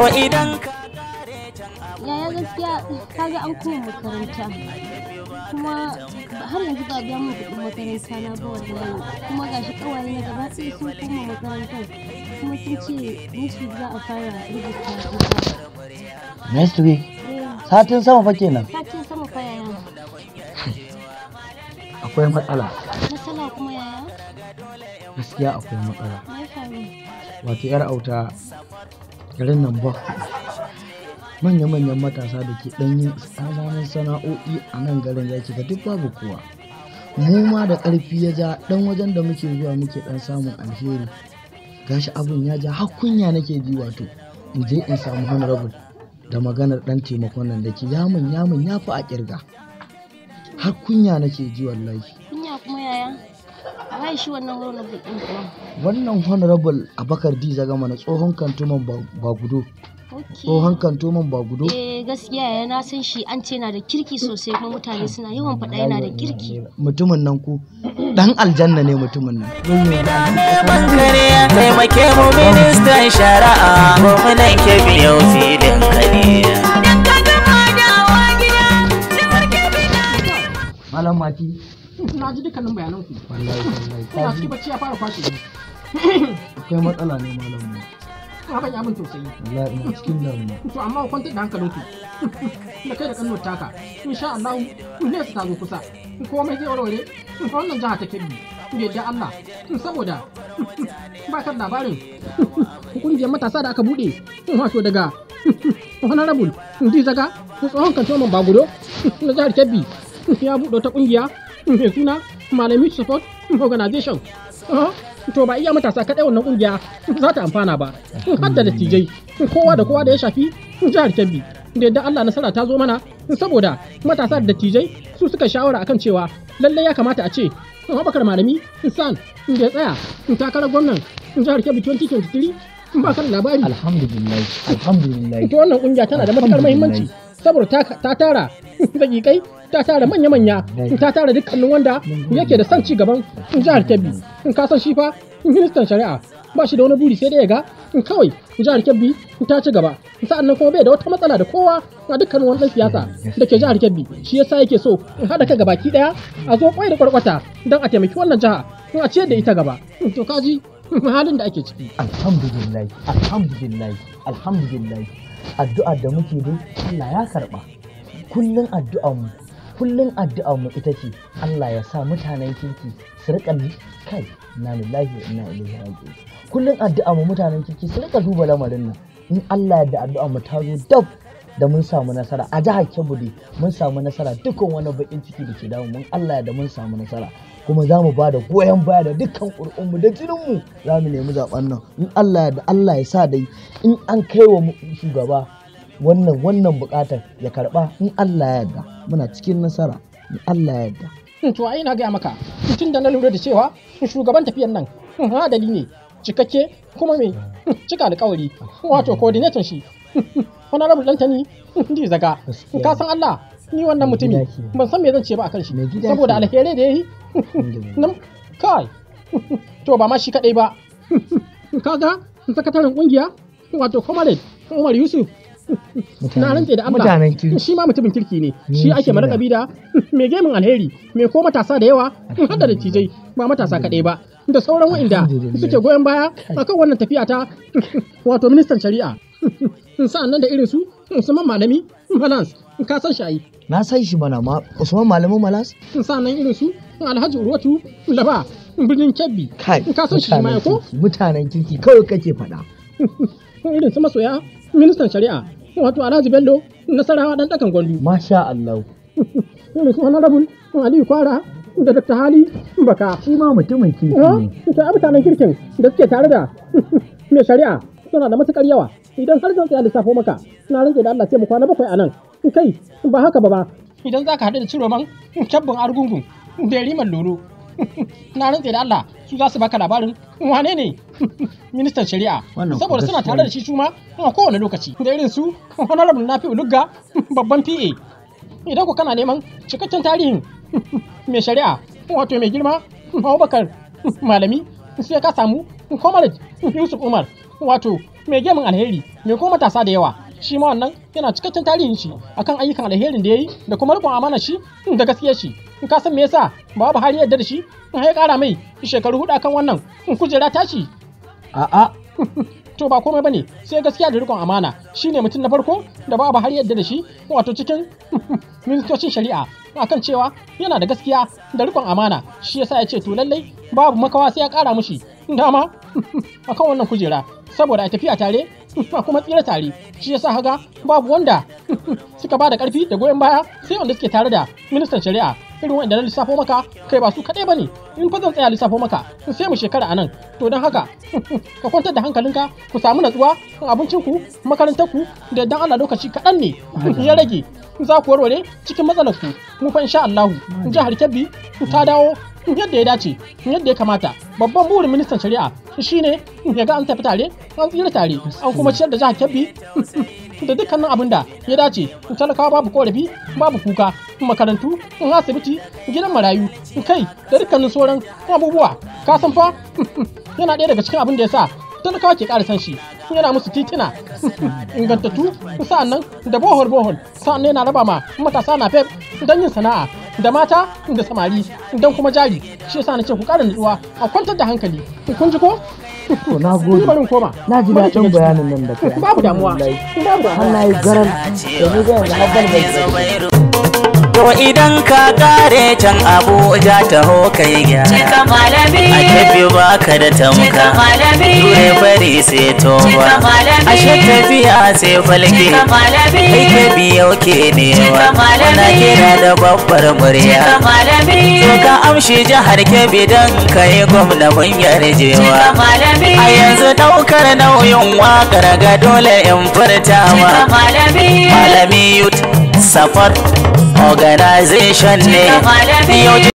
to idan ka yaya gaskiya ga an koma makaranta kuma har yanzu ba makaranta na ba wallahi kuma gashi na gaba sun koma kuma sun ce za a fara rubuta next week eh. satin sama fa kenan satin sama fa yaya akwai matsala matsala kuma yaya gaskiya akwai matsala wato yar auta garin nan ba manya-manyan matasa da ke ɗanyen ƙananan sana'o'i a nan garin ya ga duk babu kuwa, mu ma da ƙarfi ya ja ɗan wajen da muke zuwa muke ɗan samun alheri gashi abin ya ja har kunya nake ji wato in je in samu honorable da maganar ɗan taimakon nan da ke yamun yamun ya fi a ƙirga har kunya nake ji wallahi Anya kuma yaya? Wai shi wannan honorable din kuma. Wannan honorable Abakar D Zagama mana tsohon kantoman Bagudo. Tsohon kantoman Bagudo. Eh gaskiya ya na san shi an ce na da kirki sosai kuma mutane suna yawan faɗa yana da kirki. Mutumin nan ku dan aljanna ne mutumin nan. Neman kare ya taimake mu ministan shari'a ko mu nan ke biyo filin kare. Malam Mati, na ji dukkanin bayanan ku ina ciki bacci ya fara kwashe akwai matsala ne malam mu ka ban yamin tausayi wallahi ina cikin damuwa to amma ku kwanta da hankalin ku da kai da kanno taka insha Allah ne su tazo kusa komai zai warware fa wannan jaha ta kebbi da yadda Allah saboda ba kan labarin kungiyar matasa da aka bude wato daga honorable ndi zaga tsohon kantoman bagudo na jihar kebbi ya buɗe ta kungiya mai suna malami support organization to ba iya matasa kaɗai wannan ƙungiya za ta amfana ba har da dattijai kowa da kowa da ya shafi jihar kebbi da yadda allah nasara ta zo mana saboda matasa da dattijai su suka shawara akan cewa lallai ya kamata a ce abubakar malami san da ya tsaya takarar gwamnan jihar kebbi 2023 ba kan labari alhamdulillah alhamdulillah ita wannan ƙungiya tana da matuƙar muhimmanci saboda ta tara dakikai ta tara manya-manya ta tara dukkanin wanda yake da son ci gaban jihar kebbi in ka san shi fa ministan shari'a ba shi da wani buri sai da ya ga kawai jihar kebbi ta ci gaba sa'an nan kuma bai da wata matsala da kowa a dukkanin wani ɗan siyasa da ke jihar kebbi shi yasa yake so in haɗa ka gabaki ɗaya a zo kwai da kwarkwata don a taimaki wannan jiha in a ciyar da ita gaba to kaji halin da ake ciki alhamdulillah alhamdulillah alhamdulillah addu'ar da muke dai Allah ya karɓa kullum addu'ar mu kullum addu'ar ita ce Allah ya sa mutanen kirki su rika kai na lillahi wa inna ilaihi raji'un kullum addu'ar mutanen kirki su rika duba lamarin nan in Allah ya da addu'ar mu ta zo dab da mun samu nasara a jihar Kebbi dai mun samu nasara dukkan wani bakin ciki da ke damu mun Allah da mun samu nasara kuma za mu ba da goyon baya da dukkan ƙur'unmu da jininmu za mu nemi zaɓen nan in Allah da Allah ya sa dai in an kai wa shugaba wannan wannan buƙatar ya karɓa in Allah ya yarda muna cikin nasara in Allah ya yarda. Hmm, to ai na gaya maka tun da na lura da cewa shugaban tafiyan nan hadali hmm, ne cikakke kuma mai hmm, cika alƙawari wato coordinator shi rabu honorable dantani ndi zaga ka san Allah ni wannan mutumi ban san me zan ce ba akan shi saboda alherai da yayi nan kai to ba ma shi kadai ba Ka ga sakataren kungiya wato comrade Umar Yusuf na rantse da Allah shi ma mutumin kirki ne shi ake marakabi da mai gemin alheri mai ko matasa da yawa hada da tijai ba matasa kadai ba da sauran wa'inda suke goyon baya akan wannan tafiya ta wato ministan shari'a sa'an nan da irin su musamman Malami Malas ka san shi na san shi mana ma musamman Malami Malas sa'an nan irin su Alhaji Urwatu Laba birnin Kebbi kai ka san shi ma ko mutanen kirki kawai kake faɗa irin su masoya ministan shari'a wato Alhaji Bello Nasarawa dan dakan gwandu masha Allah irin su Honorable Aliyu Kwara da Dr. Hali Baka shi ma mutumin kirki ah, ne ta mutanen kirkin da suke tare da mai shari'a suna da matuƙar yawa idan har zan tsaya lissafo maka na rantse da Allah sai mu kwana bakwai a nan kai ba haka ba ba idan za ka haɗu da man cabbin argungun da riman lolo na rantse da Allah su za su baka labarin wane ne ministan shari'a saboda suna tare da shi shuma a kowane lokaci da irin su honorable nafi ulugga babban pa idan ku kana neman cikakken tarihin mai shari'a wato mai girma abubakar malami sai ka samu comrade yusuf umar wato mai gemin alheri mai kuma matasa da yawa shi ma wannan yana cikakken tarihin shi akan ayyukan alherin da ya yi da kuma rikon amana shi hmm, da gaskiya shi in ka san me yasa ba Buhari yadda da shi in ya kara mai shekaru hudu akan wannan in hmm, kujera tashi a'a to ba komai bane sai gaskiya da rikon amana shine mutum na farko da ba Buhari yadda da shi wato cikin ministocin shari'a akan cewa yana da gaskiya da rikon amana shi yasa ya ce to lallai babu makawa sai ya kara mushi dama akan wannan kujera saboda a tafiya tare a kuma tsira tare shi ya sa haga babu wanda suka ba da karfi da goyon baya sai wanda suke tare da ministan shari'a irin wanda na lissafo maka kai ba su kaɗai ba ne in fa zan tsaya lissafo maka sai mu shekara a nan to don haka ka kwantar da hankalinka ku samu natsuwa kan abincinku makarantarku da dan ana lokaci kaɗan ne ya rage za ku warware cikin matsalarku mu fa insha Allahu jihar Kebbi ta dawo yadda ya dace yadda ya kamata babban burin ministan shari'a shi ne ya ga an tafi tare an tsira tare an kuma ciyar da jihar kebbi da dukkanin abin da ya dace talakawa babu korafi babu kuka makarantu asibiti gidan marayu kai da dukkanin sauran abubuwa ka san fa yana ɗaya daga cikin abin da ya sa talakawa ke ƙara san shi yana musu titina ingantattu sa'annan da bohol bohol sa'annan yana raba ma matasa na fef don yin sana'a da mata da samari don kuma jari shi yasa na ce ku ƙara nutsuwa a kwantar da hankali kun ji ko to na gode bari koma na ji daɗin bayanin nan da kai babu damuwa babu damuwa Allah ya garan da ni ga yanzu har ban to idan ka kare can abuja taho kai gyara cika malami a tafi baka da tamka Cika malami! ture bari sai toba ashe tafiya sai falke Cika malami! kai ke biyau ke newa wana kira da babbar murya Cika malami! to ka amshi jihar kebbi don ka yi gwamna mun yarjewa a yanzu daukar nauyin wakar ga dole in furtawa malami yut safar organization ne